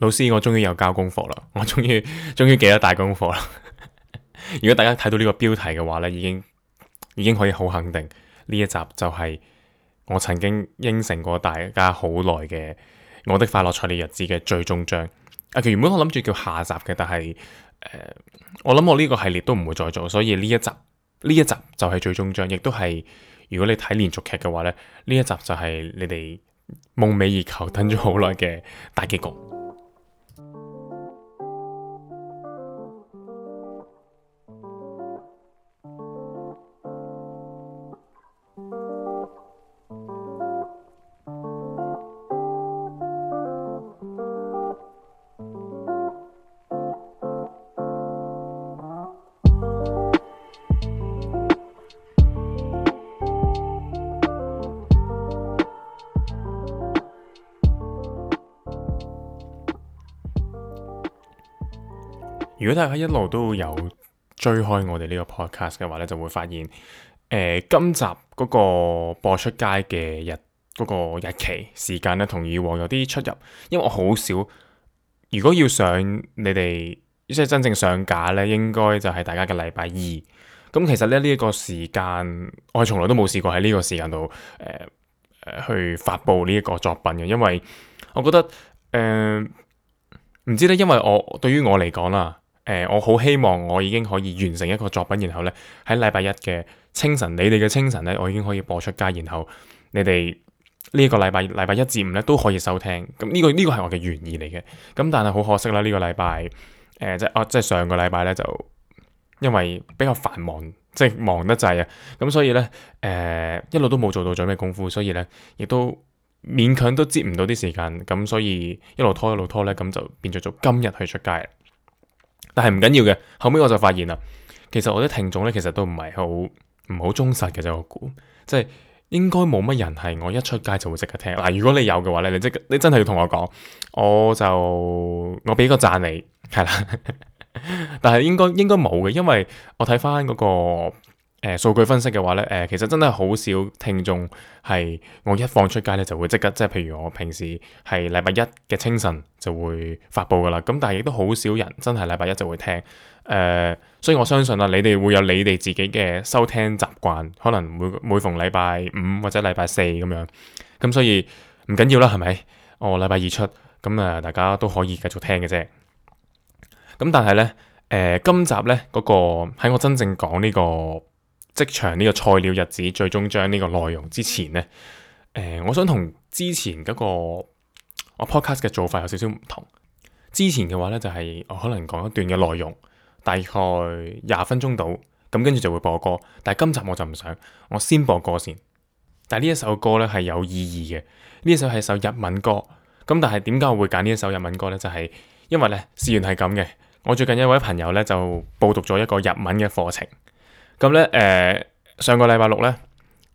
老師，我終於有交功課啦！我終於終於記得帶功課啦。 如果大家睇到呢個標題嘅話呢，已經已經可以好肯定呢一集就係我曾經應承過大家好耐嘅《我的快樂菜鳥日子》嘅最終章。啊，其實原本我諗住叫下集嘅，但係、呃、我諗我呢個系列都唔會再做，所以呢一集呢一集就係最終章，亦都係如果你睇連續劇嘅話咧，呢一集就係你哋夢寐以求等咗好耐嘅大結局。如果大家一路都有追開我哋呢個 podcast 嘅話咧，就會發現誒、呃、今集嗰個播出街嘅日嗰、嗰個日期時間咧，同以往有啲出入。因為我好少，如果要上你哋即係真正上架咧，應該就係大家嘅禮拜二。咁、嗯、其實咧呢一、呢個時間，我係從來都冇試過喺呢個時間度誒去發布呢一個作品嘅，因為我覺得誒唔、呃、知咧，因為我對於我嚟講啦。誒、呃，我好希望我已經可以完成一個作品，然後呢，喺禮拜一嘅清晨，你哋嘅清晨呢，我已經可以播出街，然後你哋呢一個禮拜，禮拜一至五呢，都可以收聽。咁、嗯、呢、這個呢、這個係我嘅原意嚟嘅。咁、嗯、但係好可惜啦，呢、這個禮拜誒、呃、即係、啊、即係上個禮拜呢，就因為比較繁忙，即係忙得滯啊，咁、嗯、所以呢，誒、呃、一路都冇做到做咩功夫，所以呢，亦都勉強都接唔到啲時間，咁、嗯、所以一路拖一路拖呢，咁就變咗做今日去出街。但係唔緊要嘅，後尾我就發現啦，其實我啲聽眾咧，其實都唔係好唔好忠實嘅啫。我估即係應該冇乜人係我一出街就會即刻聽。嗱，如果你有嘅話咧，你即你真係要同我講，我就我俾個讚你係啦。 但係應該應該冇嘅，因為我睇返嗰個。誒，數據分析嘅話呢，誒，其實真係好少聽眾係我一放出街呢就會即刻，即係譬如我平時係禮拜一嘅清晨就會發佈噶啦，咁但係亦都好少人真係禮拜一就會聽，誒，所以我相信啊，你哋會有你哋自己嘅收聽習慣，可能每每逢禮拜五或者禮拜四咁樣，咁所以唔緊要啦，係咪？我禮拜二出，咁啊，大家都可以繼續聽嘅啫，咁但係呢，誒，今集呢嗰個喺我真正講呢個。職場呢個菜鳥日子，最終將呢個內容之前呢，誒、呃，我想同之前嗰、那個我 podcast 嘅做法有少少唔同。之前嘅話呢，就係、是、我可能講一段嘅內容，大概廿分鐘到，咁跟住就會播歌。但係今集我就唔想，我先播歌先。但係呢一首歌呢，係有意義嘅，呢一首係首日文歌。咁但係點解我會揀呢一首日文歌呢？就係、是、因為呢，事緣係咁嘅。我最近一位朋友呢，就報讀咗一個日文嘅課程。咁咧，誒、呃、上個禮拜六咧，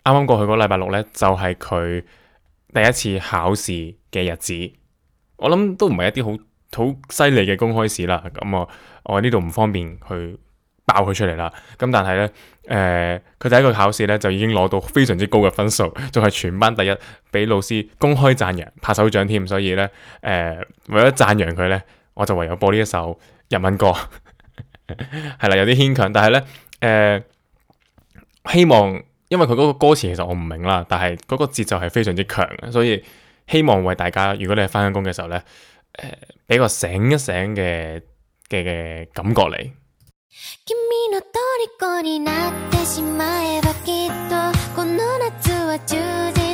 啱啱過去嗰個禮拜六咧，就係、是、佢第一次考試嘅日子。我諗都唔係一啲好好犀利嘅公開試啦。咁、嗯、啊，我呢度唔方便去爆佢出嚟啦。咁、嗯、但係咧，誒、呃、佢第一個考試咧就已經攞到非常之高嘅分數，仲係全班第一，俾老師公開讚揚，拍手掌添。所以咧，誒、呃、為咗讚揚佢咧，我就唯有播呢一首日文歌，係 啦，有啲牽強，但係咧，誒、呃。希望，因為佢嗰個歌詞其實我唔明啦，但係嗰個節奏係非常之強嘅，所以希望為大家，如果你係翻緊工嘅時候咧，誒、呃、俾個醒一醒嘅嘅嘅感覺嚟。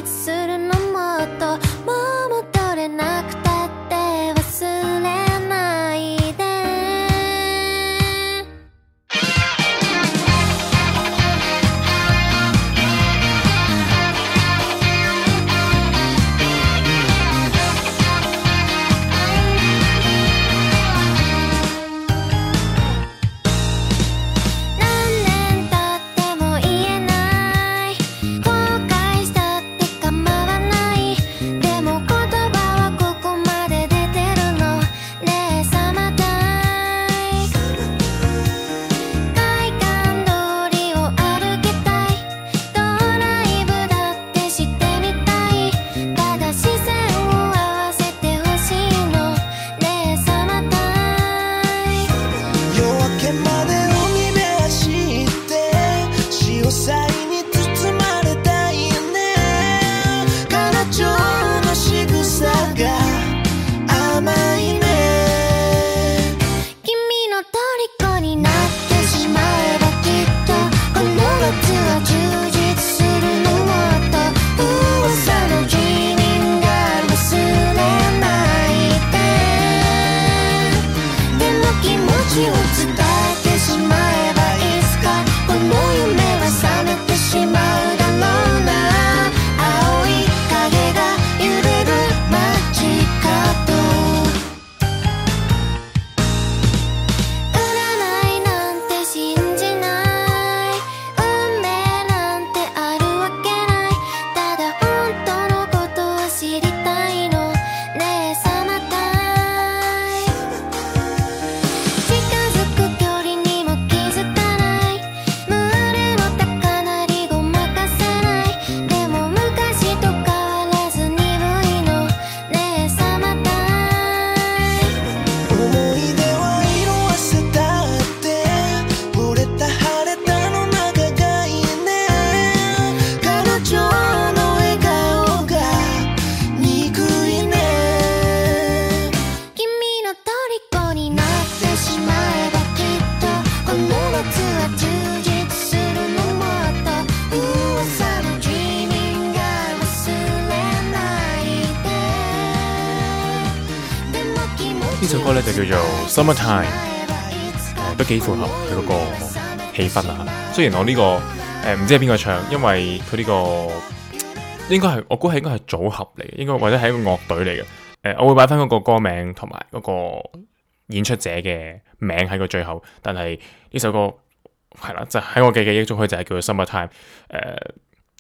呢首歌咧就叫做《Summertime》，呃，都幾符合佢嗰個氣氛啊！雖然我呢個誒、呃、唔知係邊個唱，因為佢呢個應該係我估係應該係組合嚟，應該或者係一個樂隊嚟嘅。誒、呃，我會擺翻嗰個歌名同埋嗰個演出者嘅名喺個最後。但係呢首歌係啦，就喺我嘅記憶中，佢就係叫做《Summertime》，呃。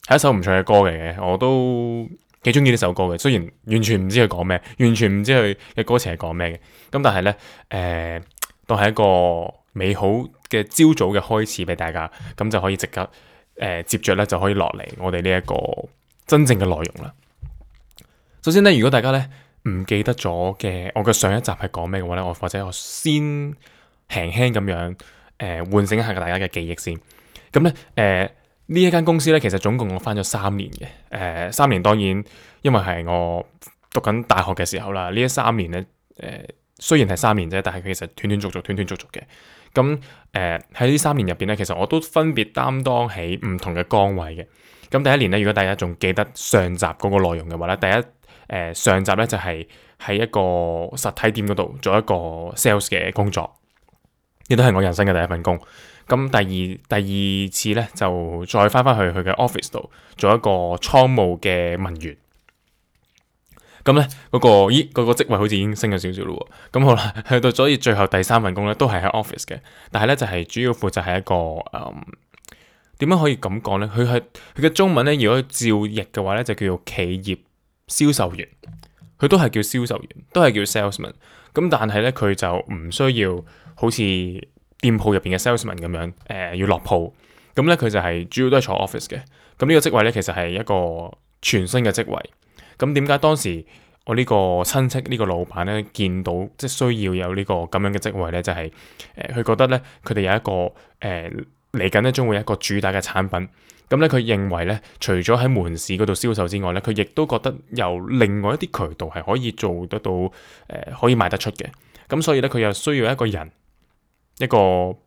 誒，係一首唔唱嘅歌嚟嘅，我都。幾中意呢首歌嘅，雖然完全唔知佢講咩，完全唔知佢嘅歌詞係講咩嘅，咁但係呢，誒、呃，當係一個美好嘅朝早嘅開始俾大家，咁就可以即刻接着呢，呃、就可以落嚟我哋呢一個真正嘅內容啦。首先呢，如果大家呢唔記得咗嘅我嘅上一集係講咩嘅話呢，我或者我先輕輕咁樣誒，喚、呃、醒一下大家嘅記憶先，咁呢。誒、呃。呢一間公司咧，其實總共我翻咗三年嘅。誒、呃、三年當然，因為係我讀緊大學嘅時候啦。呢一三年咧，誒、呃、雖然係三年啫，但係佢其實斷斷續續、斷斷續續嘅。咁誒喺呢三年入邊咧，其實我都分別擔當起唔同嘅崗位嘅。咁、嗯、第一年咧，如果大家仲記得上集嗰個內容嘅話咧，第一誒、呃、上集咧就係喺一個實體店嗰度做一個 sales 嘅工作。亦都係我人生嘅第一份工。咁第二第二次呢，就再翻翻去佢嘅 office 度做一個倉務嘅文員。咁呢，嗰、嗰個咦、嗰個職位好似已經升咗少少咯。咁好啦，去到咗所以最後第三份工呢，都係喺 office 嘅，但係呢，就係、是、主要負責係一個嗯點樣可以咁講呢？佢係佢嘅中文呢，如果照譯嘅話呢，就叫做企業銷售員。佢都係叫銷售員，都係叫 salesman。咁但係呢，佢就唔需要。好似店鋪入邊嘅 salesman 咁樣，誒、呃、要落鋪，咁咧佢就係主要都係坐 office 嘅。咁、嗯這個、呢個職位咧，其實係一個全新嘅職位。咁點解當時我呢個親戚呢個老闆咧，見到即係需要有、這個、呢個咁樣嘅職位咧，就係誒佢覺得咧，佢哋有一個誒嚟緊咧，將、呃、會有一個主打嘅產品。咁咧佢認為咧，除咗喺門市嗰度銷售之外咧，佢亦都覺得由另外一啲渠道係可以做得到誒、呃，可以賣得出嘅。咁、嗯、所以咧，佢又需要一個人。一個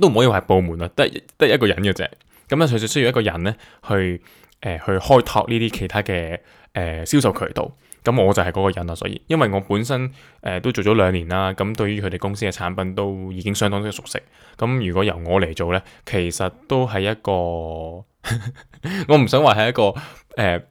都唔可以話係部門啊，得得一個人嘅啫。咁咧，純粹需要一個人咧去誒、呃、去開拓呢啲其他嘅誒銷售渠道。咁我就係嗰個人啦，所以因為我本身誒、呃、都做咗兩年啦，咁對於佢哋公司嘅產品都已經相當之熟悉。咁如果由我嚟做咧，其實都係一個 我唔想話係一個誒誒、呃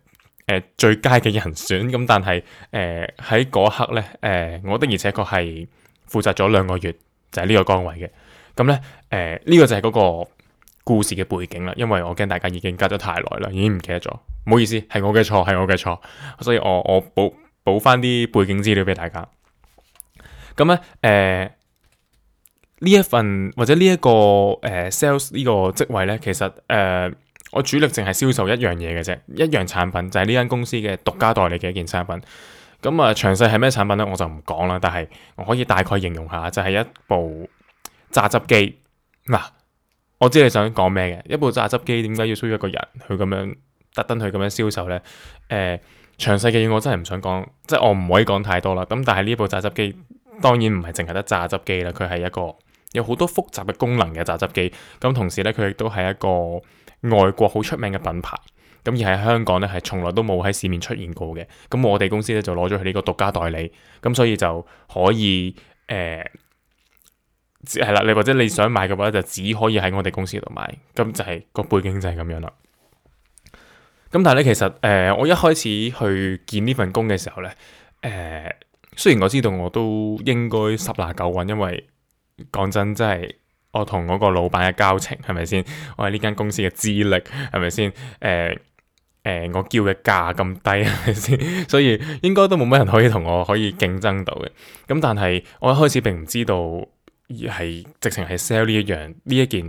呃、最佳嘅人選。咁但係誒喺嗰刻咧誒、呃，我的而且確係負責咗兩個月。就係呢個崗位嘅，咁、呃、咧，誒，呢個就係嗰個故事嘅背景啦，因為我驚大家已經隔咗太耐啦，已經唔記得咗，唔好意思，係我嘅錯，係我嘅錯，所以我我補補翻啲背景資料俾大家。咁咧，誒、呃，呢一份或者呢、這、一個誒、呃、sales 呢個職位咧，其實誒、呃，我主力淨係銷售一樣嘢嘅啫，一樣產品就係呢間公司嘅獨家代理嘅一件產品。咁啊，詳細係咩產品呢？我就唔講啦。但係我可以大概形容下，就係、是、一部榨汁機。嗱、啊，我知你想講咩嘅，一部榨汁機點解要需要一個人去咁樣特登去咁樣銷售呢？誒、呃，詳細嘅嘢我真係唔想講，即、就、係、是、我唔可以講太多啦。咁但係呢部榨汁機當然唔係淨係得榨汁機啦，佢係一個有好多複雜嘅功能嘅榨汁機。咁同時呢，佢亦都係一個外國好出名嘅品牌。咁而喺香港咧，係從來都冇喺市面出現過嘅。咁我哋公司咧就攞咗佢呢個獨家代理，咁所以就可以誒，係、呃、啦，你或者你想買嘅話，就只可以喺我哋公司度買。咁就係、是、個背景就係咁樣啦。咁但係咧，其實誒、呃，我一開始去見呢份工嘅時候咧，誒、呃，雖然我知道我都應該十拿九穩，因為講真，真係我同嗰個老闆嘅交情係咪先？我係呢間公司嘅資歷係咪先？誒、呃。誒、呃，我叫嘅價咁低係咪先？ 所以應該都冇乜人可以同我可以競爭到嘅。咁但係我一開始並唔知道係直情係 sell 呢一樣呢一件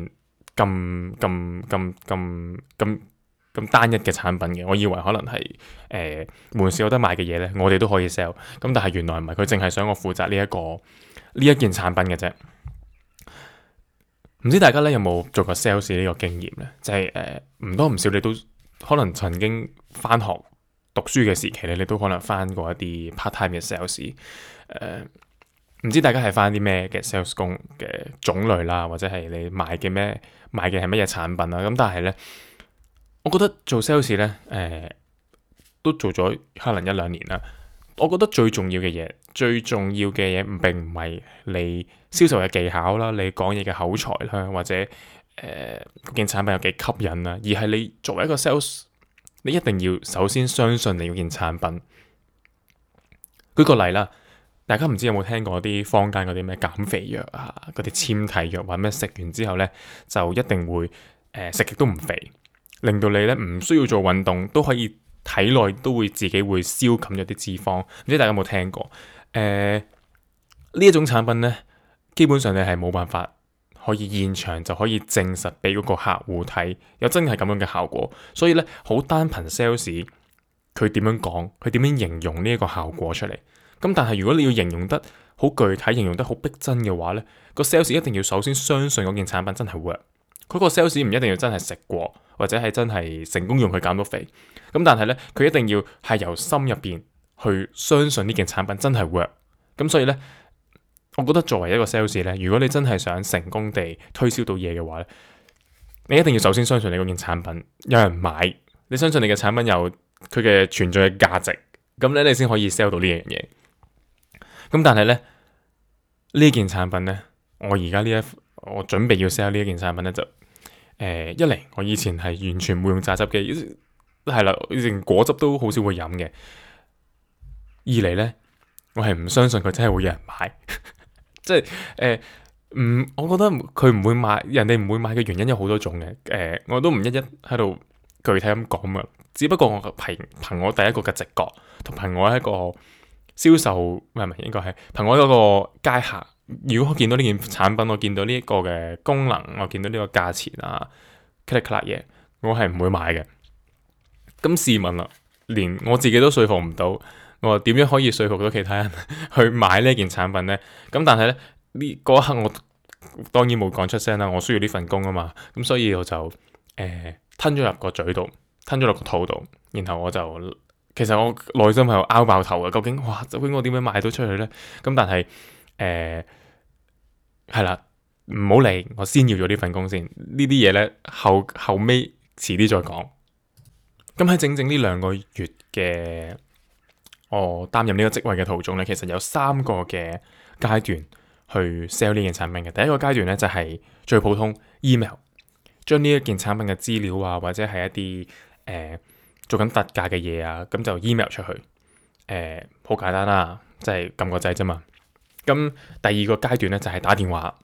咁咁咁咁咁咁單一嘅產品嘅。我以為可能係誒門市有得賣嘅嘢咧，我哋都可以 sell。咁但係原來唔係，佢淨係想我負責呢一個呢一件產品嘅啫。唔知大家咧有冇做過 sales 呢個經驗咧？就係誒唔多唔少你都。可能曾經返學讀書嘅時期咧，你都可能返過一啲 part time 嘅 sales。誒、呃，唔知大家係返啲咩嘅 sales 工嘅種類啦，或者係你賣嘅咩賣嘅係乜嘢產品啦。咁但係咧，我覺得做 sales 咧，誒、呃，都做咗可能一兩年啦。我覺得最重要嘅嘢，最重要嘅嘢唔並唔係你銷售嘅技巧啦，你講嘢嘅口才啦，或者。誒，呃、嗰件產品有幾吸引啊？而係你作為一個 sales，你一定要首先相信你嗰件產品。舉個例啦，大家唔知有冇聽過啲坊間嗰啲咩減肥藥啊，嗰啲纖體藥，或者咩食完之後呢，就一定會誒、呃、食極都唔肥，令到你呢唔需要做運動都可以體內都會自己會消減咗啲脂肪。唔知大家有冇聽過？誒、呃，呢一種產品呢，基本上你係冇辦法。可以現場就可以證實俾嗰個客戶睇，有真係咁樣嘅效果，所以咧好單憑 sales 佢點樣講，佢點樣形容呢一個效果出嚟。咁但係如果你要形容得好具體，形容得好逼真嘅話咧，個 sales 一定要首先相信嗰件產品真係 work。佢個 sales 唔一定要真係食過，或者係真係成功用佢減到肥。咁但係咧，佢一定要係由心入邊去相信呢件產品真係 work。咁所以咧。我覺得作為一個 sales 咧，如果你真係想成功地推銷到嘢嘅話咧，你一定要首先相信你嗰件產品有人買，你相信你嘅產品有佢嘅存在嘅價值，咁咧你先可以 sell 到呢樣嘢。咁但係咧呢件產品咧，我而家呢一我準備要 sell 呢一件產品咧就誒、呃、一嚟我以前係完全冇用榨汁機，係啦，連果汁都好少會飲嘅。二嚟咧，我係唔相信佢真係會有人買。 即係誒，唔、呃，我覺得佢唔會買，人哋唔會買嘅原因有好多種嘅。誒、呃，我都唔一一喺度具體咁講噶，只不過我憑憑我第一個嘅直覺，同憑我一個銷售唔係唔係，應該係憑我一個街客。如果我見到呢件產品，我見到呢一個嘅功能，我見到呢個價錢啊，嗰啲嗰啲嘢，我係唔會買嘅。咁試問啦，連我自己都說服唔到。我話點樣可以說服到其他人 去買呢件產品呢？咁但係呢，呢嗰一刻我當然冇講出聲啦。我需要呢份工啊嘛，咁所以我就誒吞咗入個嘴度，吞咗落個肚度，然後我就其實我內心喺度拗爆頭嘅。究竟哇，究竟我點樣賣到出去呢？咁但係誒係啦，唔好理我，先要咗呢份工先。呢啲嘢呢，後後尾遲啲再講。咁喺整整呢兩個月嘅，我擔任呢個職位嘅途中咧，其實有三個嘅階段去 sell 呢件產品嘅。第一個階段咧就係、是、最普通 email，將呢一件產品嘅資料啊，或者係一啲誒、呃、做緊特價嘅嘢啊，咁就 email 出去。誒、呃，好簡單啦、啊，即係撳個掣啫嘛。咁第二個階段咧就係、是、打電話。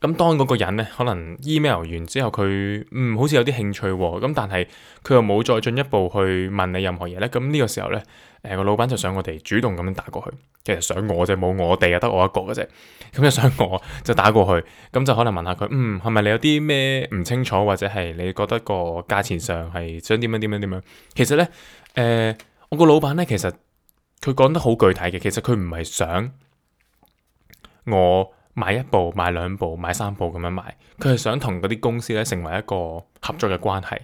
咁當嗰個人咧，可能 email 完之後，佢嗯，好似有啲興趣喎、哦，咁但係佢又冇再進一步去問你任何嘢咧，咁呢個時候咧，誒、呃、個老闆就想我哋主動咁樣打過去，其實想我啫，冇我哋啊，得我一個嘅啫，咁就想我就打過去，咁就可能問下佢，嗯，係咪你有啲咩唔清楚，或者係你覺得個價錢上係想點樣點樣點樣？其實咧，誒、呃、我個老闆咧，其實佢講得好具體嘅，其實佢唔係想我。買一部、買兩部、買三部咁樣買，佢係想同嗰啲公司咧成為一個合作嘅關係。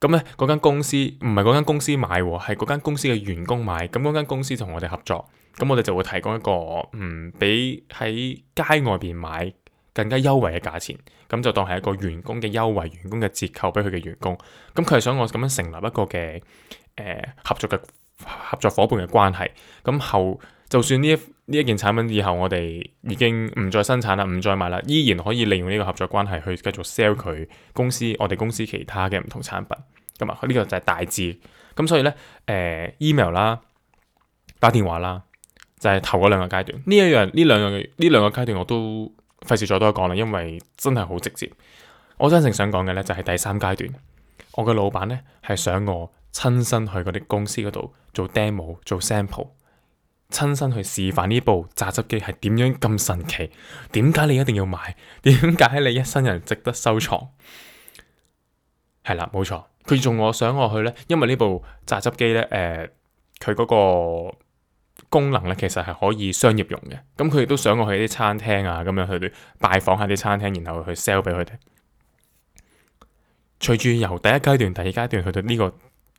咁咧，嗰間公司唔係嗰間公司買，係嗰間公司嘅員工買。咁嗰間公司同我哋合作，咁我哋就會提供一個嗯，比喺街外面買更加優惠嘅價錢。咁就當係一個員工嘅優惠，員工嘅折扣俾佢嘅員工。咁佢係想我咁樣成立一個嘅誒、呃、合作嘅合作伙伴嘅關係。咁後就算呢一呢一件產品以後我哋已經唔再生產啦，唔再賣啦，依然可以利用呢個合作關係去繼續 sell 佢公司，我哋公司其他嘅唔同產品。咁、嗯、啊，呢、這個就係大致。咁、嗯、所以呢誒、呃、email 啦，打電話啦，就係、是、頭嗰兩個階段。呢一樣，呢兩樣，呢兩個階段我都費事再多講啦，因為真係好直接。我真正想講嘅呢，就係第三階段，我嘅老闆呢，係想我親身去嗰啲公司嗰度做 demo、做 sample。親身去示範呢部榨汁機係點樣咁神奇，點解你一定要買？點解你一生人值得收藏？係 啦，冇錯。佢仲我想我去呢，因為呢部榨汁機呢，誒、呃，佢嗰個功能呢，其實係可以商業用嘅。咁佢亦都想我去啲餐廳啊，咁樣去拜訪下啲餐廳，然後去 sell 俾佢哋。隨住由第一階段、第二階段去到呢個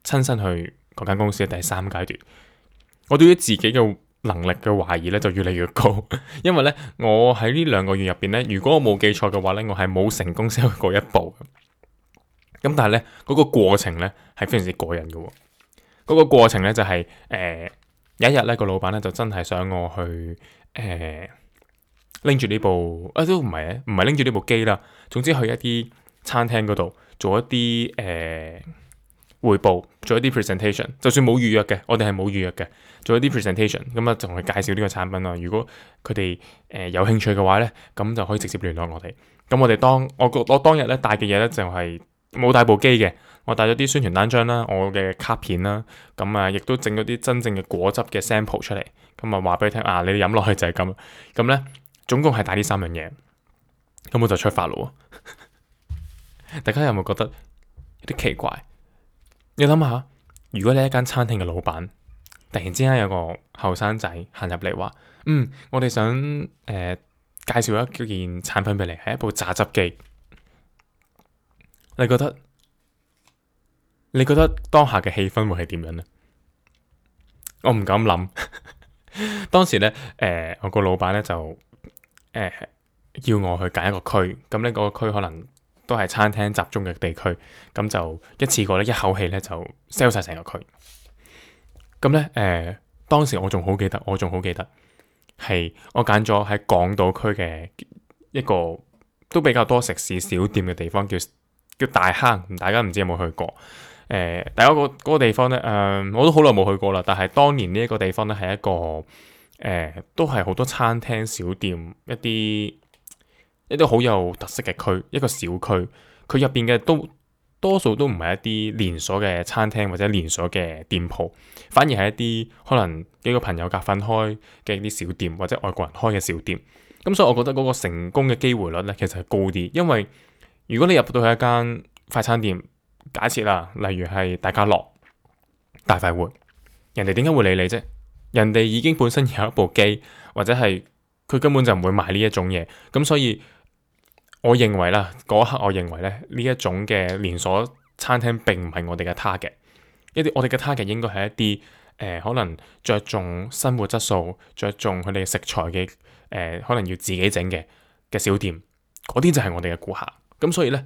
親身去嗰間公司嘅第三階段，我對於自己嘅能力嘅懷疑咧就越嚟越高， 因為咧我喺呢兩個月入邊咧，如果我冇記錯嘅話咧，我係冇成功 sell 過一部，咁 但係咧嗰個過程咧係非常之過癮嘅、哦，嗰、那個過程咧就係、是、誒、呃、有一日咧個老闆咧就真係想我去誒拎住呢部啊都唔係唔係拎住呢部機啦，總之去一啲餐廳嗰度做一啲誒。呃匯報做一啲 presentation，就算冇預約嘅，我哋係冇預約嘅，做一啲 presentation，咁啊同佢介紹呢個產品啦。如果佢哋誒有興趣嘅話呢，咁就可以直接聯絡我哋。咁我哋當我我當日呢帶嘅嘢呢，就係冇帶部機嘅，我帶咗啲宣傳單張啦，我嘅卡片啦，咁啊亦都整咗啲真正嘅果汁嘅 sample 出嚟，咁啊話俾佢聽啊，你飲落去就係咁。咁呢，總共係帶呢三樣嘢，咁我就出發咯！ 大家有冇覺得有啲奇怪？你諗下，如果你係一間餐廳嘅老闆，突然之間有個後生仔行入嚟話，嗯，我哋想誒、呃、介紹一件產品俾你，係一部榨汁機。你覺得你覺得當下嘅氣氛會係點樣呢？我唔敢諗。 當時咧，誒、呃、我個老闆咧就誒要、呃、我去揀一個區，咁呢個區可能。都係餐廳集中嘅地區，咁就一次過咧，一口氣咧就 sell 晒成個區。咁咧，誒、呃，當時我仲好記得，我仲好記得係我揀咗喺港島區嘅一個都比較多食肆小店嘅地方，叫叫大坑。大家唔知有冇去過？誒、呃，大家、嗰個嗰、嗰個地方咧，誒、呃，我都好耐冇去過啦。但係當年呢一個地方咧，係一個誒、呃，都係好多餐廳小店一啲，一啲好有特色嘅區，一個小區，佢入邊嘅都多數都唔係一啲連鎖嘅餐廳或者連鎖嘅店鋪，反而係一啲可能幾個朋友夾份開嘅一啲小店或者外國人開嘅小店。咁所以，我覺得嗰個成功嘅機會率呢，其實係高啲。因為如果你入到去一間快餐店，假設啦，例如係大家樂、大快活，人哋點解會理你啫？人哋已經本身有一部機或者係。佢根本就唔會買呢一種嘢，咁所以我認為啦，嗰一刻我認為咧，呢一種嘅連鎖餐廳並唔係我哋嘅 target。一啲我哋嘅 target 應該係一啲誒、呃，可能着重生活質素、着重佢哋食材嘅誒、呃，可能要自己整嘅嘅小店嗰啲就係我哋嘅顧客。咁所以呢，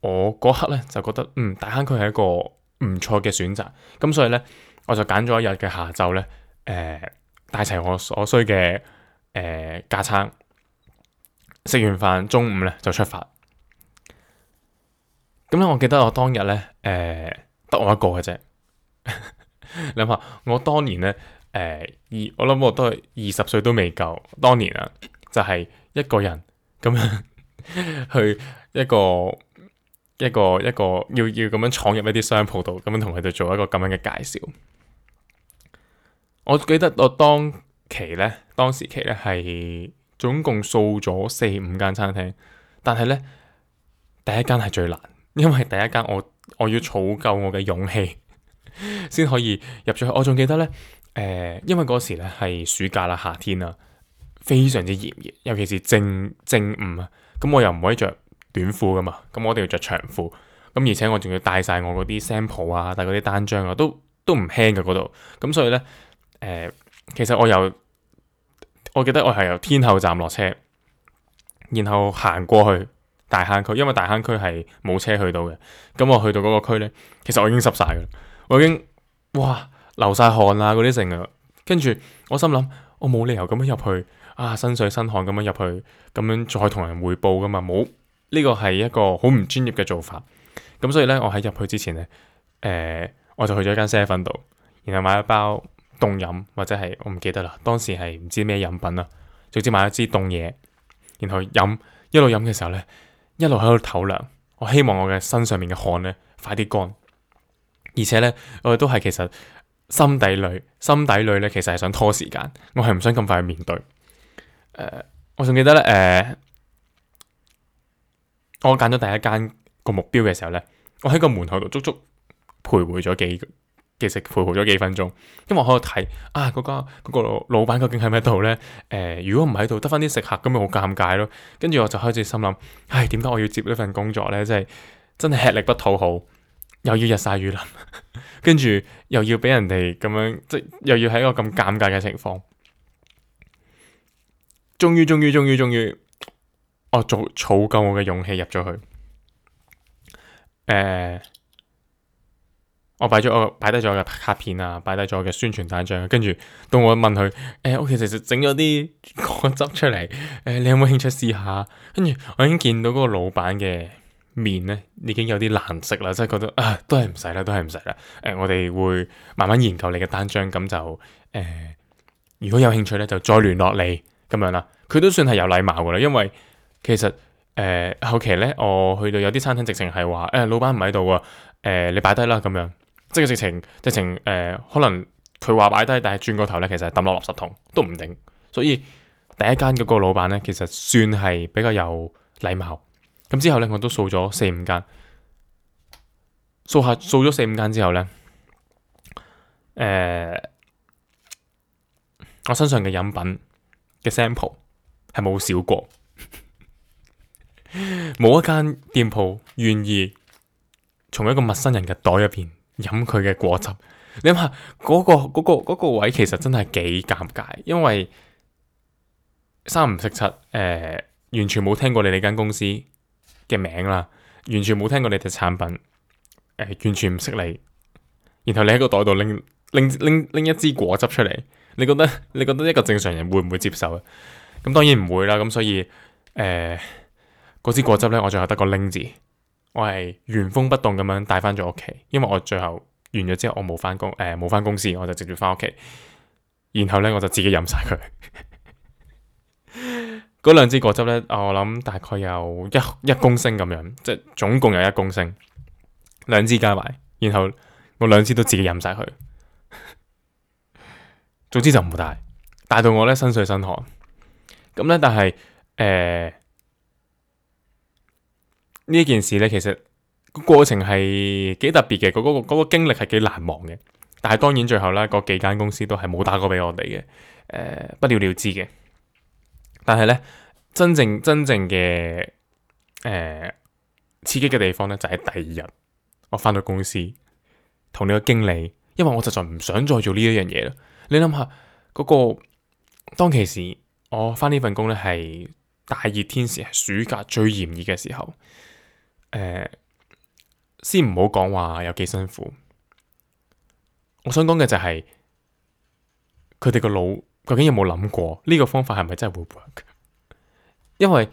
我嗰刻呢就覺得嗯大坑區係一個唔錯嘅選擇。咁所以呢，我就揀咗一日嘅下晝呢，誒、呃、帶齊我所需嘅。誒，架、呃、撐，食完飯中午咧就出發。咁咧、呃 呃就是， 我記得我當日咧，誒，得我一個嘅啫。你諗下，我當年咧，誒，二，我諗我都係二十歲都未夠。當年啊，就係一個人咁樣去一個一個一個，要要咁樣闖入一啲商鋪度，咁樣同佢哋做一個咁樣嘅介紹。我記得我當。其咧，當時其咧係總共掃咗四五間餐廳，但係咧第一間係最難，因為第一間我我要儲夠我嘅勇氣先 可以入咗去。我仲記得咧，誒、呃，因為嗰時咧係暑假啦，夏天啊，非常之炎熱，尤其是正正午啊，咁我又唔可以着短褲㗎嘛，咁我一定要着長褲，咁而且我仲要帶晒我嗰啲 sample 啊，帶嗰啲單張啊，都都唔輕嘅嗰度，咁所以咧，誒、呃，其實我由我記得我係由天后站落車，然後行過去大坑區，因為大坑區係冇車去到嘅。咁我去到嗰個區咧，其實我已經濕曬㗎喇，我已經哇流晒汗啊嗰啲成啊。跟住我心諗，我冇理由咁樣入去啊，身水身汗咁樣入去，咁樣再同人匯報噶嘛，冇呢個係一個好唔專業嘅做法。咁所以咧，我喺入去之前咧，誒、呃、我就去咗間 seven 度，然後買咗包。凍飲或者係我唔記得啦，當時係唔知咩飲品啦，總之買一支凍嘢，然後飲一路飲嘅時候呢，一路喺度唞涼，我希望我嘅身上面嘅汗呢快啲乾，而且呢，我哋都係其實心底裏心底裏呢其實係想拖時間，我係唔想咁快去面對。呃、我仲記得呢，誒、呃，我揀咗第一間個目標嘅時候呢，我喺個門口度足足徘徊咗幾。其實徘徊咗幾分鐘，因為我喺度睇啊嗰、嗰個、嗰個老闆究竟喺唔喺度咧？誒、呃，如果唔喺度，得翻啲食客，咁咪好尷尬咯。跟住我就開始心諗，唉、哎，點解我要接呢份工作咧？即係真係吃力不討好，又要日晒雨淋，跟 住又要俾人哋咁樣，即又要喺一個咁尷尬嘅情況。終於，終於，終於，終於，啊、夠我做儲夠我嘅勇氣入咗去，誒、呃。我擺咗我擺低咗我嘅卡片啊，擺低咗我嘅宣傳單張，跟住到我問佢誒、欸，我其實就整咗啲果汁出嚟誒、欸，你有冇興趣試下？跟住我已經見到嗰個老闆嘅面咧，已經有啲難色啦，即係覺得啊，都係唔使啦，都係唔使啦。誒、欸，我哋會慢慢研究你嘅單張咁就誒、欸，如果有興趣咧，就再聯絡你咁樣啦。佢都算係有禮貌噶啦，因為其實誒、欸、後期咧，我去到有啲餐廳直情係話誒老闆唔喺度啊，誒、欸、你擺低啦咁樣。即係直情，直情誒、呃，可能佢話擺低，但係轉個頭咧，其實係抌落垃圾桶都唔定。所以第一間嗰個老闆咧，其實算係比較有禮貌。咁之後咧，我都掃咗四五間，掃下掃咗四五間之後咧，誒、呃，我身上嘅飲品嘅 sample 係冇少過，冇 一間店鋪願意從一個陌生人嘅袋入邊。飲佢嘅果汁，你諗下嗰個、嗰個、嗰個位其實真係幾尷尬，因為三唔識七，誒、呃、完全冇聽過你哋間公司嘅名啦，完全冇聽過你哋產品，誒、呃、完全唔識你，然後你喺個袋度拎拎拎一支果汁出嚟，你覺得你覺得一個正常人會唔會接受啊？咁當然唔會啦，咁所以誒嗰支果汁咧，我仲有得個拎字。我係原封不動咁樣帶翻咗屋企，因為我最後完咗之後我，我冇翻工，誒冇翻公司，我就直接翻屋企，然後呢，我就自己飲晒佢。嗰 兩支果汁呢，我諗大概有一一公升咁樣，即係總共有一公升，兩支加埋，然後我兩支都自己飲晒佢。 總之就唔好帶，帶到我呢身水身汗。咁呢。但係誒。呃呢件事呢，其實個過程係幾特別嘅，嗰嗰個嗰個，個經歷係幾難忘嘅。但係當然最後咧，嗰幾間公司都係冇打過俾我哋嘅，呃，不了了之嘅。但係呢，真正真正嘅誒、呃、刺激嘅地方呢，就喺、是、第二日我翻到公司同呢個經理，因為我實在唔想再做呢一樣嘢啦。你諗下嗰個當其時我翻呢份工呢，係大熱天時，係暑假最炎熱嘅時候。誒，uh, 先唔好講話有幾辛苦。我想講嘅就係佢哋個腦究竟有冇諗過呢個方法係咪真係會 work？ 因為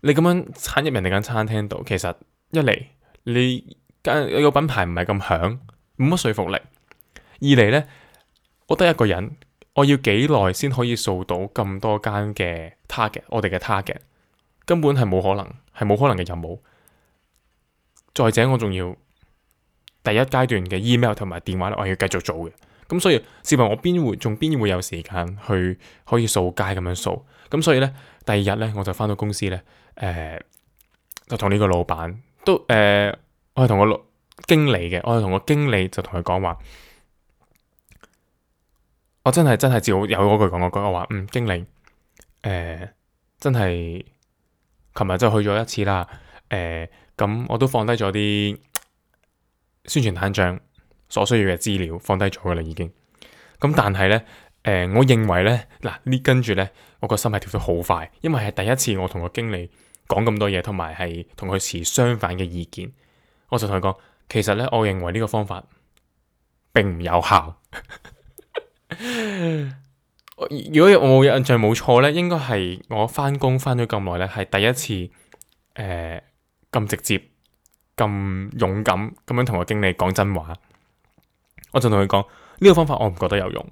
你咁樣產入人哋間餐廳度，其實一嚟你間個品牌唔係咁響，冇乜說服力；二嚟咧，我得一個人，我要幾耐先可以掃到咁多間嘅 target？我哋嘅 target 根本係冇可能，係冇可能嘅任務。再者，我仲要第一階段嘅 email 同埋電話咧，我係要繼續做嘅。咁所以視頻，是是我邊會仲邊會有時間去可以掃街咁樣掃。咁所以咧，第二日咧，我就返到公司咧，誒、呃、就同呢個老闆都誒、呃，我係同個經理嘅，我係同個經理就同佢講話，我真係真係照有嗰句講嗰句，我話嗯經理誒、呃、真係，琴日就去咗一次啦，誒、呃。咁、嗯、我都放低咗啲宣傳單張所需要嘅資料，放低咗噶啦，已經。咁、嗯、但係呢，誒、呃，我認為呢，嗱，呢跟住呢，我個心係跳得好快，因為係第一次我同個經理講咁多嘢，同埋係同佢持相反嘅意見，我就同佢講，其實呢，我認為呢個方法並唔有效。 如果我嘅印象冇錯呢，應該係我翻工翻咗咁耐呢，係第一次，誒、呃。咁直接、咁勇敢咁樣同個經理講真話，我就同佢講呢個方法我唔覺得有用，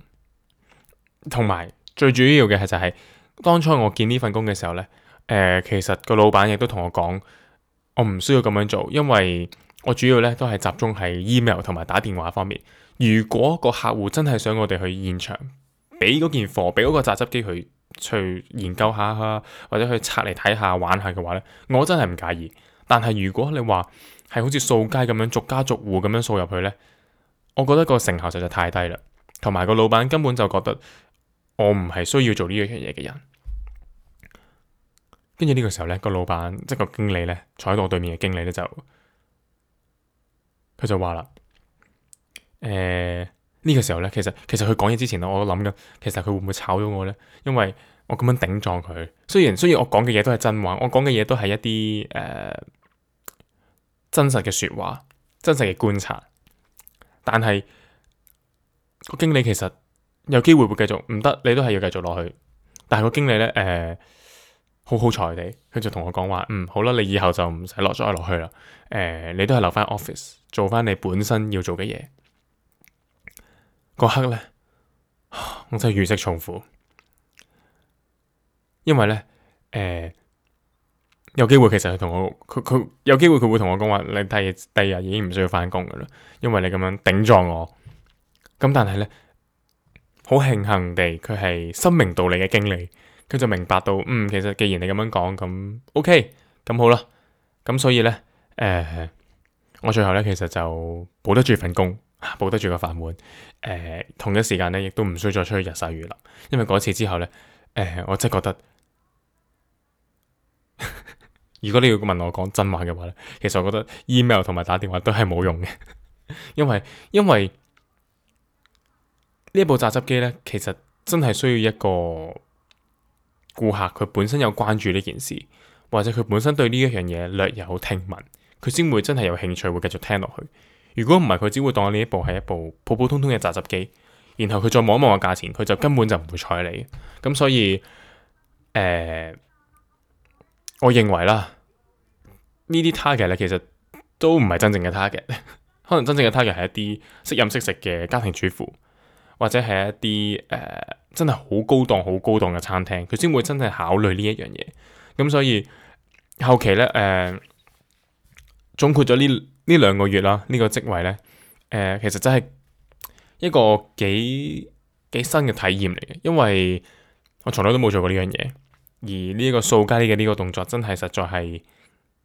同埋最主要嘅係就係、是、當初我見呢份工嘅時候呢，誒、呃，其實個老闆亦都同我講，我唔需要咁樣做，因為我主要呢都係集中喺 email 同埋打電話方面。如果個客戶真係想我哋去現場，俾嗰件貨，俾嗰個榨汁機去去研究一下一下，或者去拆嚟睇下、玩下嘅話呢，我真係唔介意。但係如果你話係好似掃街咁樣逐家逐戶咁樣掃入去呢，我覺得個成效實在太低啦。同埋個老闆根本就覺得我唔係需要做呢樣嘢嘅人。跟住呢個時候呢，個老闆即係個經理呢，坐喺我對面嘅經理呢，就，佢就話啦，誒、呃、呢、呢個時候呢，其實其實佢講嘢之前呢，我都諗緊，其實佢會唔會炒咗我呢？因為我咁樣頂撞佢，雖然雖然我講嘅嘢都係真話，我講嘅嘢都係一啲誒。呃真實嘅說話，真實嘅觀察，但係個經理其實有機會會繼續唔得，你都係要繼續落去。但係個經理咧，誒、呃，好好彩地，佢就同我講話，嗯，好啦，你以後就唔使落再落去啦，誒、呃，你都係留翻 office 做翻你本身要做嘅嘢。嗰刻咧，我真係如釋重負，因為咧，誒、呃。有機會其實佢同我佢佢有機會佢會同我講話，你第二日已經唔需要返工噶啦，因為你咁樣頂撞我。咁但係咧，好慶幸地，佢係深明道理嘅經理，佢就明白到，嗯，其實既然你咁樣講，咁 OK，咁好啦。咁所以咧，誒、呃，我最後咧其實就保得住份工，保得住個飯碗。誒、呃，同一時間咧，亦都唔需要再出去日曬雨淋，因為嗰次之後咧，誒、呃，我真係覺得。 如果你要問我講真話嘅話咧，其實我覺得 email 同埋打電話都係冇用嘅， 因為因為呢一部榨汁機咧，其實真係需要一個顧客佢本身有關注呢件事，或者佢本身對呢一樣嘢略有聽聞，佢先會真係有興趣會繼續聽落去。如果唔係，佢只會當呢一部係一部普普通通嘅榨汁機，然後佢再望一望個價錢，佢就根本就唔會睬你。咁所以，誒、呃。我認為啦，呢啲 target 咧，其實都唔係真正嘅 target。 可能真正嘅 target 係一啲識飲識食嘅家庭主婦，或者係一啲誒、呃、真係好高檔、好高檔嘅餐廳，佢先會真係考慮呢一樣嘢。咁所以後期咧，誒、呃，總括咗呢呢兩個月啦，這個、職呢個職位咧，誒、呃，其實真係一個幾幾新嘅體驗嚟嘅，因為我從來都冇做過呢樣嘢。而呢一個掃街嘅呢個動作真係實在係，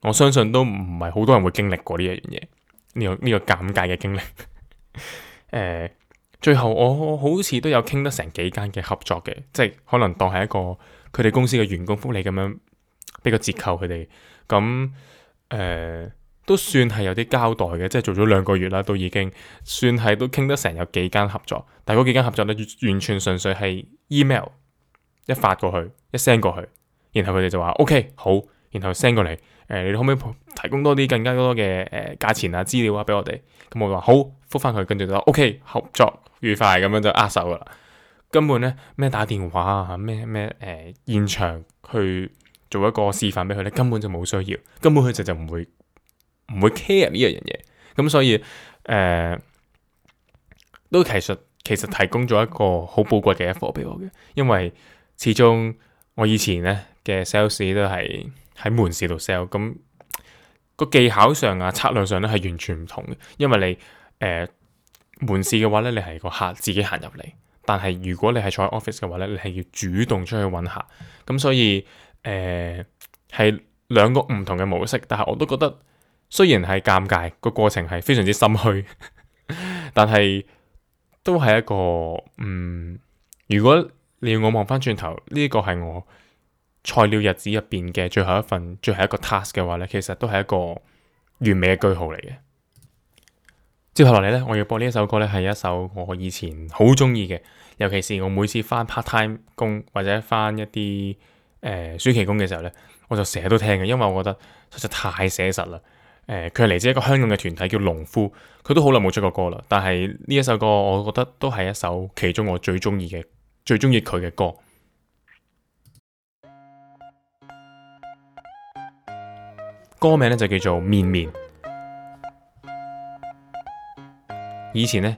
我相信都唔係好多人會經歷過呢一樣嘢，呢、這個呢、這個尷尬嘅經歷。誒、 呃，最後我,我好似都有傾得成幾間嘅合作嘅，即係可能當係一個佢哋公司嘅員工福利咁樣俾個折扣佢哋，咁誒、呃、都算係有啲交代嘅，即係做咗兩個月啦，都已經算係都傾得成有幾間合作，但係嗰幾間合作咧完全純粹係 email 一發過去。一 send 過去，然後佢哋就話 O K 好，然後 send 過嚟，誒、呃、你可唔可以提供多啲更加多嘅誒、呃、價錢啊資料啊俾我哋？咁、嗯、我話好，覆翻佢，跟住就話 OK 合作愉快咁樣就握手噶啦。根本咧咩打電話啊咩咩誒現場去做一個示範俾佢咧，根本就冇需要，根本佢就就唔會唔會 care 呢一樣嘢。咁、嗯、所以誒、呃、都其實其實提供咗一個好寶貴嘅一課俾我嘅，因為始終。我以前咧嘅 sales 都係喺門市度 sell，咁個技巧上啊、策略上咧係完全唔同嘅，因為你誒、呃、門市嘅話咧，你係個客自己行入嚟；但係如果你係坐喺 office 嘅話咧，你係要主動出去揾客。咁所以誒係、呃、兩個唔同嘅模式，但係我都覺得雖然係尷尬，個過程係非常之心虛， 但係都係一個嗯，如果。你要我望翻轉頭，呢個係我菜鳥日子入邊嘅最後一份，最後一個 task 嘅話咧，其實都係一個完美嘅句號嚟嘅。接下落嚟咧，我要播呢一首歌咧，係一首我以前好中意嘅。尤其是我每次翻 part time 工或者翻一啲誒、呃、暑期工嘅時候咧，我就成日都聽嘅，因為我覺得實在太寫實啦。誒、呃，佢係嚟自一個香港嘅團體叫農夫，佢都好耐冇出過歌啦。但係呢一首歌，我覺得都係一首其中我最中意嘅。最鍾意佢嘅歌，歌名呢就叫做《眠眠》。以前呢。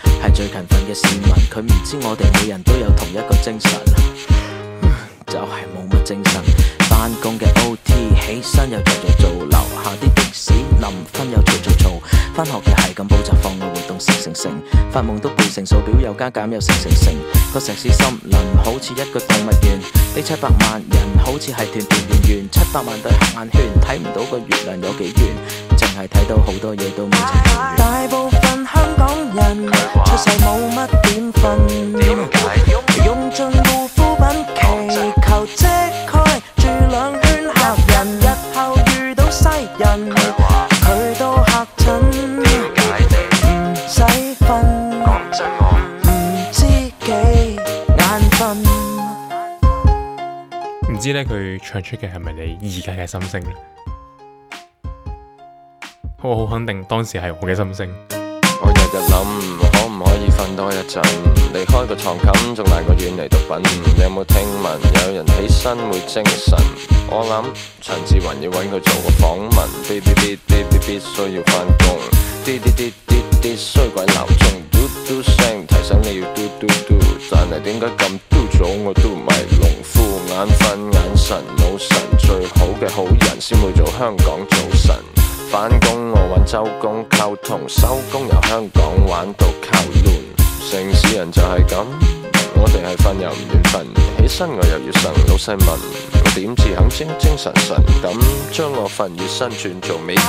係最勤奮嘅市民，佢唔知我哋每人都有同一個精神，就係冇乜精神。翻工嘅 OT，起身又做做做，樓下啲的士。臨分又嘈嘈嘈，翻學嘅係咁補習，課外活動成成成，發夢都變成數表，又加減又成成成。個城市森林好似一個動物園，呢七百萬人好似係團團圓圓，七百萬對黑眼圈睇唔到個月亮有幾圓，淨係睇到好多嘢都唔情願。香港人話出世冇乜點瞓，點解用盡護膚品祈求遮蓋住兩圈客人，日後遇到西人，佢話都吓親，點解唔使瞓，唔知幾眼瞓，唔知呢佢唱出嘅係咪你而家嘅心聲我好,好肯定當時係我嘅心聲。日諗可唔可以瞓多一陣，離開個床冚，仲難過遠離毒品。你有冇聽聞有人起身會精神？我諗陳志雲要搵佢做個訪問，必須要翻工，必衰鬼鬧鐘，嘟嘟聲提醒你要嘟嘟嘟。但係點解咁嘟早我都唔係農夫，眼瞓眼神腦神最好嘅好人先會做香港早晨。返工我揾周公溝通，收工由香港玩到靠亂，城市人就係咁，我哋係瞓又唔願瞓，起身我又要神。老細問我，點至肯精精神神咁將我份月薪轉做美金。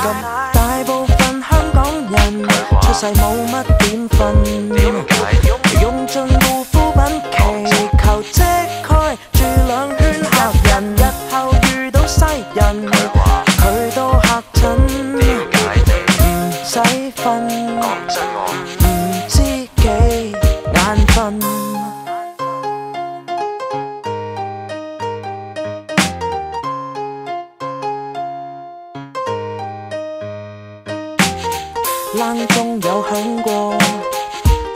大部分香港人出世冇乜點瞓，用盡。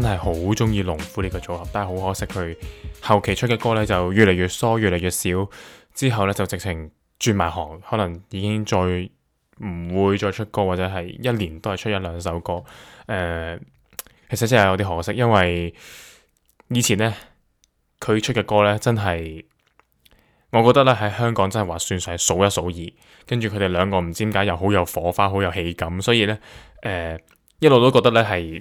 真係好中意農夫呢個組合，但係好可惜佢後期出嘅歌呢就越嚟越疏，越嚟越少。之後呢，就直情轉埋行，可能已經再唔會再出歌，或者係一年都係出一兩首歌。誒、呃，其實真係有啲可惜，因為以前呢，佢出嘅歌呢真係，我覺得呢，喺香港真係話算上係數一數二。跟住佢哋兩個唔知點解又好有火花，好有氣感，所以呢，誒、呃、一路都覺得呢係。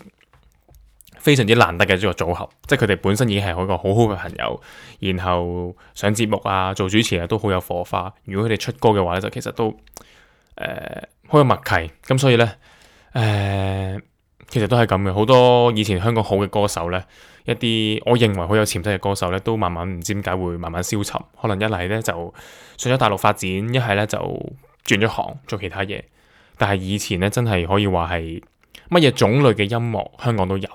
非常之難得嘅呢個組合，即係佢哋本身已經係我一個好好嘅朋友，然後上節目啊、做主持啊都好有火花。如果佢哋出歌嘅話咧，就其實都誒好、呃、有默契。咁所以呢，誒、呃，其實都係咁嘅。好多以前香港好嘅歌手呢，一啲我認為好有潛質嘅歌手呢，都慢慢唔知點解會慢慢消沉。可能一嚟呢，就上咗大陸發展，一係呢，就轉咗行做其他嘢。但係以前呢，真係可以話係乜嘢種類嘅音樂，香港都有。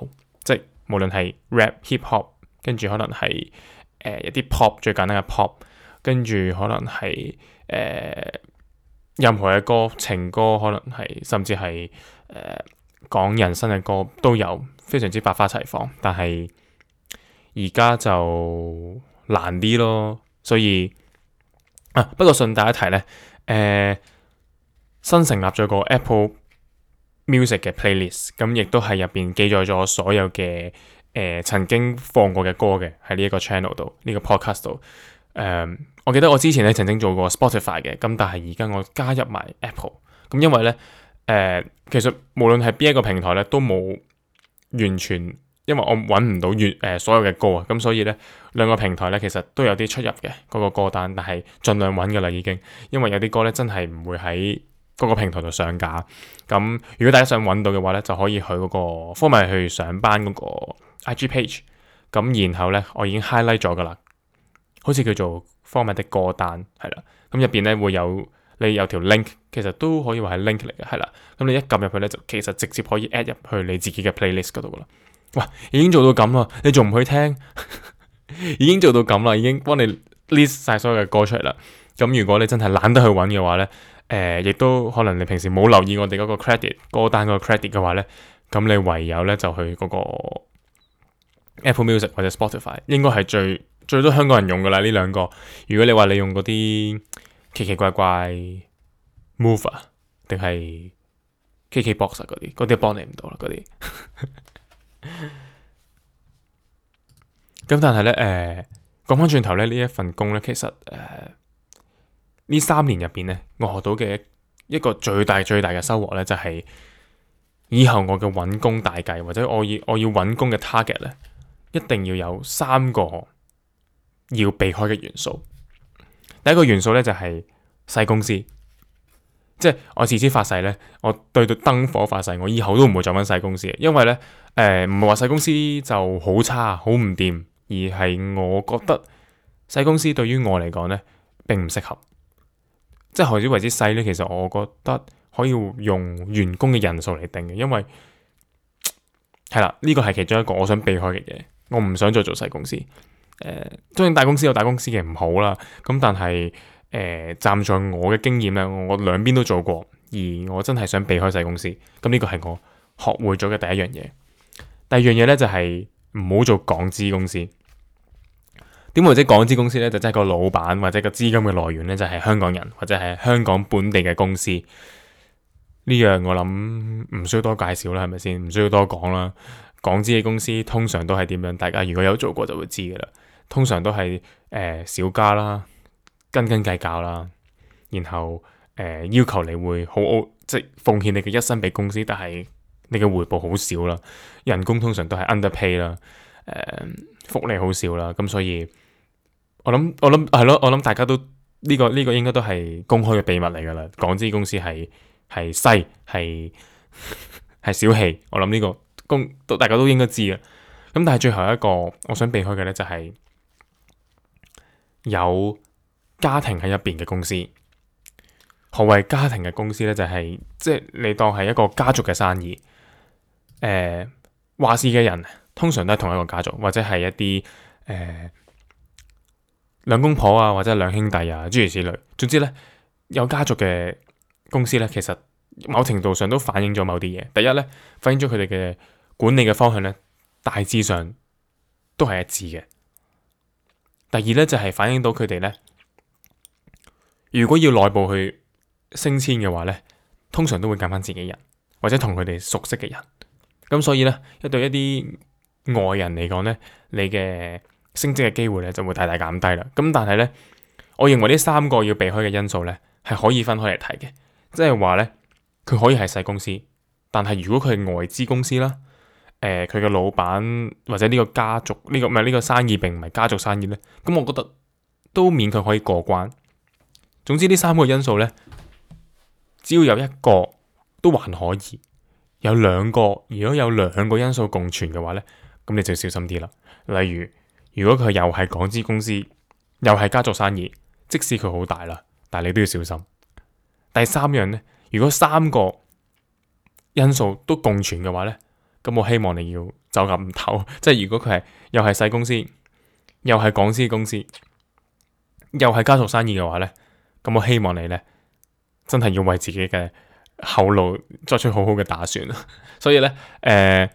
即係無論係 rap hip、hip hop，跟住可能係誒、呃、一啲 pop 最簡單嘅 pop，跟住可能係誒、呃、任何嘅歌，情歌可能係甚至係誒、呃、講人生嘅歌都有，非常之百花齊放。但係而家就難啲咯，所以啊。不過順帶一提咧，誒、呃、新成立咗個 Apple。music 嘅 playlist，咁亦都係入邊記載咗所有嘅誒、呃、曾經放過嘅歌嘅喺呢一個 channel 度，呢、這個 podcast 度。誒、呃，我記得我之前咧曾經做過 Spotify 嘅，咁但係而家我加入埋 Apple。咁因為咧誒、呃，其實無論係邊一個平台咧，都冇完全，因為我揾唔到月誒、呃、所有嘅歌啊。咁所以咧兩個平台咧，其實都有啲出入嘅嗰、那個歌單，但係盡量揾噶啦已經，因為有啲歌咧真係唔會喺。嗰個平台度上架，咁如果大家想揾到嘅話呢，就可以去嗰個 Format 去上班嗰個 IG page，咁然後呢，我已經 highlight 咗噶啦，好似叫做 Format 的歌單係啦，咁入邊呢，會有你有條 link，其實都可以話係 link 嚟嘅係啦，咁你一撳入去呢，就其實直接可以 add 入去你自己嘅 playlist 嗰度噶啦，哇，已經做到咁啦，你仲唔去聽？已經做到咁啦， 已經幫你 list 晒所有嘅歌出嚟啦，咁如果你真係懶得去揾嘅話呢。誒，亦、呃、都可能你平時冇留意我哋嗰個 credit 歌單，個 credit 嘅話咧，咁你唯有咧就去嗰個 Apple Music 或者 Spotify，應該係最最多香港人用嘅啦呢兩個。如果你話你用嗰啲奇奇怪怪 MOOV 定係 KKBox 嗰、er、啲，嗰啲幫你唔到啦嗰啲。咁 但係咧，誒講返轉頭咧，呢一份工咧，其實誒。呃呢三年入邊呢，我學到嘅一個最大最大嘅收穫呢，就係以後我嘅揾工大計或者我要我要搵工嘅 target 呢，一定要有三個要避開嘅元素。第一個元素呢，就係細公司，即係我事先發誓呢，我對對燈火發誓，我以後都唔會再揾細公司嘅，因為呢，誒唔係話細公司就好差好唔掂，而係我覺得細公司對於我嚟講呢，並唔適合。即係何止為之細呢？其實我覺得可以用員工嘅人數嚟定嘅，因為係啦，呢個係其中一個我想避開嘅嘢。我唔想再做細公司。誒、呃，雖然大公司有大公司嘅唔好啦。咁但係誒、呃，站在我嘅經驗咧，我兩邊都做過，而我真係想避開細公司。咁呢個係我學會咗嘅第一樣嘢。第二樣嘢咧就係唔好做港資公司。點或者港資公司呢？就真、是、係個老闆或者個資金嘅來源呢，就係、是、香港人或者係香港本地嘅公司。呢樣我諗唔需要多介紹啦，係咪先？唔需要多講啦。港資嘅公司通常都係點樣？大家如果有做過就會知噶啦。通常都係誒、呃、小家啦，斤斤計較啦，然後誒、呃、要求你會好即奉獻你嘅一生俾公司，但係你嘅回報好少啦。人工通常都係 under pay 啦。福利好少啦，咁所以我諗我諗係咯，我諗大家都呢個呢個應該都係公開嘅秘密嚟噶啦。港資公司係係細係係小氣，我諗呢個公大家都應該知啦。咁但係最後一個我想避開嘅呢，就係、是、有家庭喺入邊嘅公司，何謂家庭嘅公司呢？就係即係你當係一個家族嘅生意，誒話事嘅人。通常都係同一個家族，或者係一啲誒兩公婆啊，或者兩兄弟啊，諸如此類。總之咧，有家族嘅公司咧，其實某程度上都反映咗某啲嘢。第一咧，反映咗佢哋嘅管理嘅方向咧，大致上都係一致嘅。第二咧，就係反映到佢哋咧，如果要內部去升遷嘅話咧，通常都會揀翻自己人，或者同佢哋熟悉嘅人。咁所以咧，一對一啲。外人嚟講呢，你嘅升職嘅機會呢就會大大減低啦。咁但係呢，我認為呢三個要避開嘅因素呢，係可以分開嚟睇嘅。即係話呢，佢可以係細公司，但係如果佢係外資公司啦，呃、佢嘅老闆或者呢個家族呢、呢個唔係呢個生意並唔係家族生意呢，咁我覺得都勉強可以過關。總之呢三個因素呢，只要有一個都還可以，有兩個，如果有兩個因素共存嘅話呢。咁你就要小心啲啦。例如，如果佢又係港資公司，又係家族生意，即使佢好大啦，但係你都要小心。第三樣呢，如果三個因素都共存嘅話呢，咁我希望你要走夾唔抖。 即係如果佢係又係細公司，又係港資公司，又係家族生意嘅話呢，咁我希望你呢，真係要為自己嘅後路作出好好嘅打算。 所以呢。誒、呃。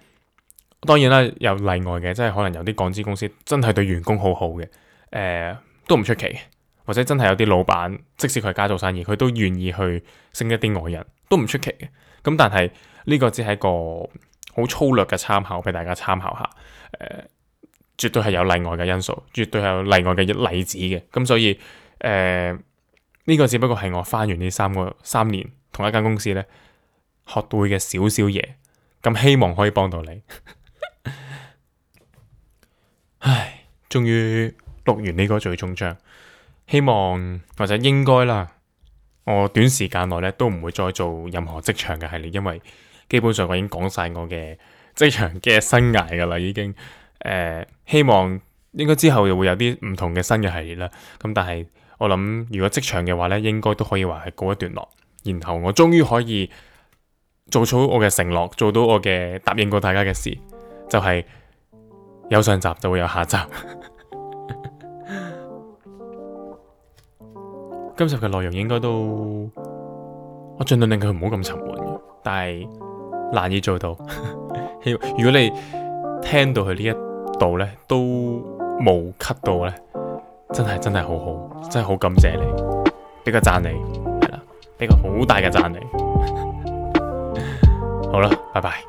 當然啦，有例外嘅，即係可能有啲港資公司真係對員工好好嘅，誒、呃、都唔出奇，或者真係有啲老闆，即使佢家族生意，佢都願意去升一啲外人，都唔出奇嘅。咁、嗯、但係呢、這個只係一個好粗略嘅參考，俾大家參考下。誒、呃，絕對係有例外嘅因素，絕對係有例外嘅例子嘅。咁、嗯、所以誒，呢、呃這個只不過係我返完呢三個三年同一間公司呢，學到嘅少少嘢，咁希望可以幫到你。 終於錄完呢、這個最終章，希望或者應該啦，我短時間內咧都唔會再做任何職場嘅系列，因為基本上我已經講晒我嘅職場嘅生涯噶啦，已經誒、呃，希望應該之後又會有啲唔同嘅新嘅系列啦。咁但係我諗，如果職場嘅話咧，應該都可以話係告一段落。然後我終於可以做到我嘅承諾，做到我嘅答應過大家嘅事，就係、是。有上集就會有下集， 今集嘅內容應該都我盡量令佢唔好咁沉悶，但係難以做到。 如果你聽到佢呢一度呢，都冇咳到呢，真係真係好好，真係好感謝你，俾個讚你，係啦，俾個好大嘅讚你， 好啦，拜拜。